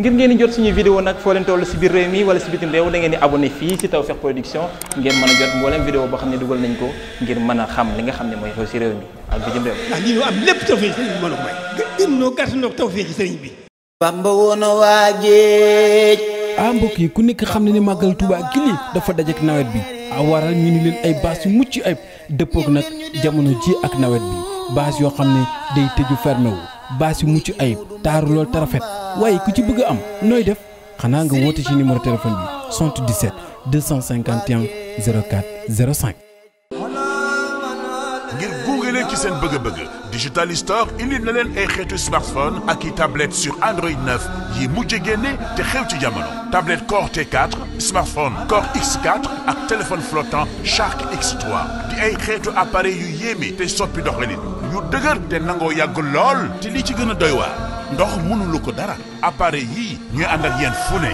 ngir ngeen di jot suñu vidéo nag foo leen toll si biir réew mi wala si bitim réew da ngeen di abonné fii si Tawfekh Production ngeen mën a jot mboolem vidéo boo xam ne dugal nañ ko ngir mën a xam li nga xam ne mooy xew si réew mi ak bitim réew. ndax bi mën a may. gën noo gàtt Bamba woon a waajeej. ah mbokk yi ku nekk xam ne ne màggal Tuubaa gi lii dafa dajek nawet bi a ah, waral ñu ni leen ay baas yu mucc ayib dëppook nag jamono ji ak nawet bi baas yoo xam ne day tëju fermé wu baas yu mucc ayib taaru lool tarafet waaye ku ci bëgg a am nooy def xanaa nga woote ci numéro téléphone bi 77 251 04 05. ngir google ci seen bëgg-bëgg digital store indil na leen ay xeetu smartphone ak i tablette sur Android 9 yi mujj génne te xew ci jamono tablette Core T4 smartphone Core x ak téléphone flottant Shark X3 ay xeetu appareil yu yéeme te soppi doxalin yu dëgër te nangoo yàgg lool te li ci gën a doy waar ndox mënulu ko dara appareil yii ñuy ànd ak yéen fu ne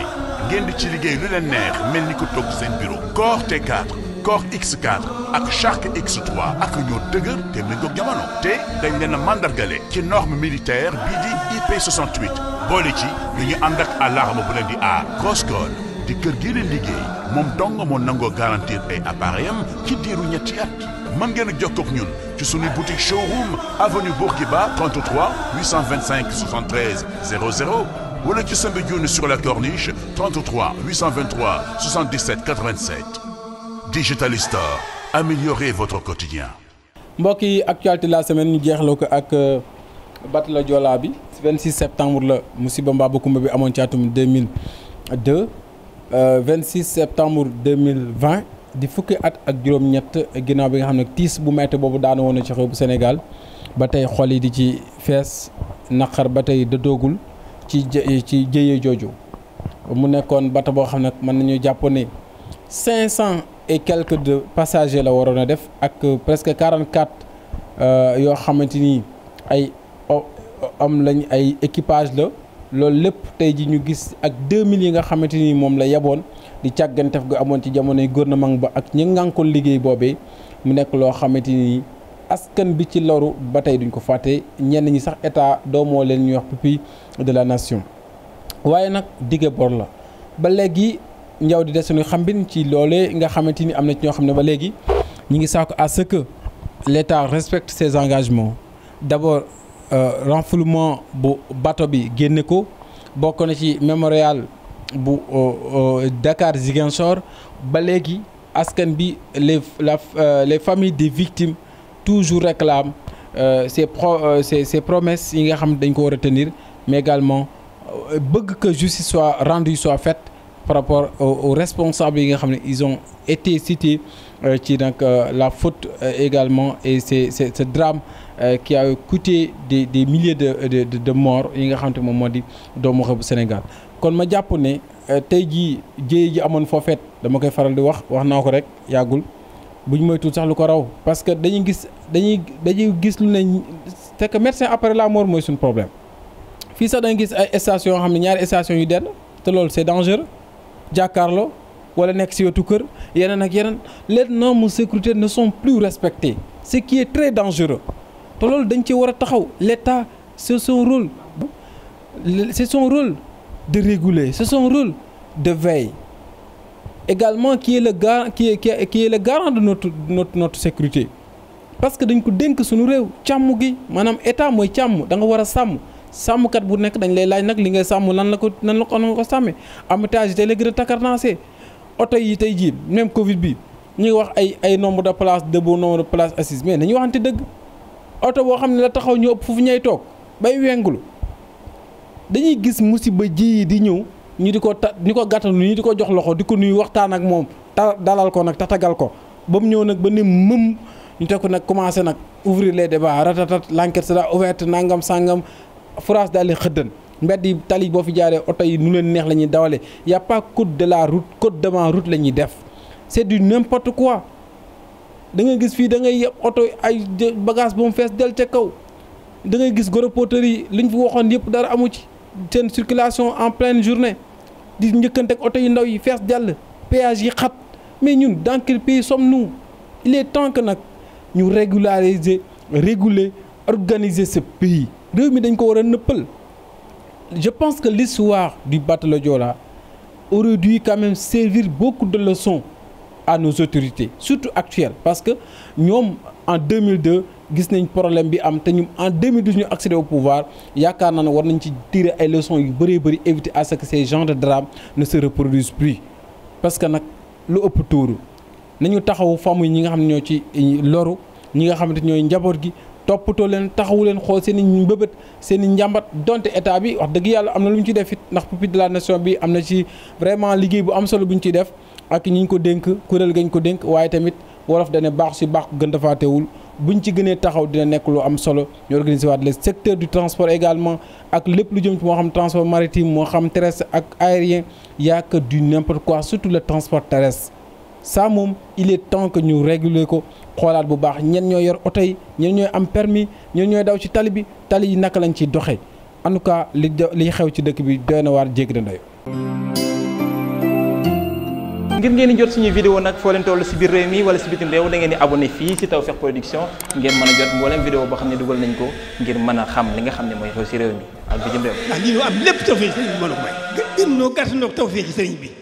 ngeen di ci liggéey lu leen neex mel ni ko toog seen bureau Core T4 Core x ak Shark x ak ñoo dëgër te méngoog jamono te dañ leen a mandargale ci norme militaire bii di IP68 boole ci lu ñu ànd ak alarme bu leen di aar Crosscall te kër gi leen liggéey moom dong moo nangoo garantir ay appareil am ci diiru ñetti at mën ngeen a jokkoo ak ñun ci suñu boutique showroom avenue Bourguiba 33 825 73 00 wala ci sambi junni sur la corniche 33 823 77 87 Digital Store améliorez votre quotidien mbokk yi actualité la semaine ñu jeexloo ko ak euh, Batla Joola bi 26 septembre la musiba mbaa kumba bi amoon ci atum 2002 26 euh, septembre 2020 di fukki at ak juróom-ñett ginnaaw bi nga xam ne tiis bu metti boobu daanu woon ci bu senegal ba tey xol yi di ci fees naqar ba tey dëddoogul ci ci jëye jooju mu nekkoon bata boo xam ne mën nañu jàpp ne cinq 500 et quelques de passagers la waroon a def ak presque 44 euh, yoo xamante ni ay homme lañ ay équipage la. loolu lépp tey ji ñu gis ak 2000 yi nga xamante ni moom la yaboon di càggantef ga amoon ci jamonoy gouvernement ba ak ñi ngànkoon liggéey boobe mu nekk loo xamante ni askan bi ci loru ba tey duñ ko fàtte ñenn ñi sax état doomoo leen ñuy wax pupille de la nation waaye nag dige bor la ba léegi njaw di des suñu xambin ci loolee nga xamante ni am na ci ñoo xam ne ba léegi ñu ngi saako à ce que l'État respecte ses engagements d'abord Euh, renflouement bu bato bi génne ko bokk na ci mémorial bu euh, euh, Dakar Ziguinchor ba léegi askan bi les la les familles des victimes toujours réclament ces pro ces ces promesses yi nga xam dañ ko war a tenir mais également bëgg ko justice soit rendue soit faite par rapport au responsable yi nga xam ne ison ont été cités ci euh, nag euh, la faute euh, également et c'est c'est ce drame qui a coûté des des milliers de de de morts yi nga xam te moom moo di doomu xebu Sénégal kon ma jàpp ne tey jii jéye ji amoon foofeet dama koy faral di wax wax naa ko rek yàggul bu ñu moytuwul sax lu ko raw parce que dañuy gis dañuy dañuy gis lu ne c'est que médecin après la mort mooy suñu problème fii sax dañuy gis ay station yoo xam ne ñaari station yu denn te loolu c'est dangereux jàkkaarloo wala nekk si wetu kër yeneen ak yeneen les normes sécurité ne sont plus respectées ce qui est très dangereux te loolu dañ ci war a taxaw l'État c'est son rôle son rôle de réguler c'est son rôle de veille également qui est le garant qui est qui est le garant de sécurité parce que dañ ko dénk suñu réew càmm gi maanaam état mooy càmm da nga war a sàmm sàmmkat bu nekk dañu lay laaj nag li ngay sàmm nan la ko nan la ko nga ko sàmmee embouteillage yi tey la gën a oto yi tey jii même Covid bi ñuy wax ay ay nombre de place debout nombre de place assise mais nañu waxante dëgg oto boo xam ne la taxaw ñu ëpp foofu ñay toog bay wengulu dañuy gis musiba ji yi di ñëw ñu di ko ta ñu ko gàttal ñu di ko jox loxo di ko nuyu waxtaan ak moom ta dalal ko nag tatagal ko ba mu ñëw nag ba ne mëm ñu teg ko nag commencé nag ouvrir les débats ratatat l'enquête sera ouverte nangam forage daal di xëddan mbedd yi tali boo fi jaaree oto yi nu leen neex la ñuy dawale y' a pas code de la route code devant la ñuy def c' est du n' importe quoi da ngay gis fii dangay ngay yëpp oto ay bagage ba mu fees del ca kaw da ngay gis gros porteurs yi liñ fi waxoon yëpp dara amu ci seen circulation en pleine journée di njëkkante ak oto yu ndaw yi fees dell péage yi xat mais ñun dans quel pays sommes-nous il est que nag ñu régulariser régule organiser ce pays réew mi dañ ko war a nëppal je pense que l'histoire du Batalo Joola aurait dû quand même servir beaucoup de leçons à nos autorités surtout actuelles parce que ñoom en 2002 gis nañ problème bi am te ñun en 2012 ñu accédé au pouvoir yaakaar naa ne war nañ ci tirer ay leçons yu bëree bëri éviter à ce que ces genres de drames ne se reproduisent plus parce que nag lu ëpp tuuru nañu taxawu famille ñi nga xam ne ñoo ci loru ñi nga xamante ñooy njaboot gi toppatoo leen taxawu leen xool seen mbëbët seen i njàmbat donte état bi wax dëgg yàlla am na lu ñu ci def it ndax pupille de la nation bi am na ci vraiment liggéey bu am solo bu ñu ciy def ak ñi ñu ko dénk kuréel gañ ko dénk waaye tamit wolof dane baax si baax gën dafa bu buñ ci gënee taxaw dina nekk lu am solo ñu organiser waat le secteur du transport également ak lépp lu jëm ci moo xam transport maritime moo xam terrestre ak aérien y a que du n'importe surtout le transport terrestre saa moom il est temps que ñu réguler ko xoolaat bu baax ñen ñoo yor oto yi ñen ñooy am permis ñen ñooy daw ci tali bi tali yi naka lañ ciy doxee en tout cas li liy xew ci dëkk bi doy na waar jéggi na doy. ngir ngeen di jot suñu vidéo nag foo leen toll si biir réew mi wala si bitim réew da ngeen di abonné fii si Tawfekh Production ngeen mën a jot mboolem vidéo boo xam ne dugal nañ ko ngir mën a xam li nga xam ne mooy xew si réew mi ak bitim réew. ndax ah, lii am lépp Tawfekh sëriñ bi mën a may. bi.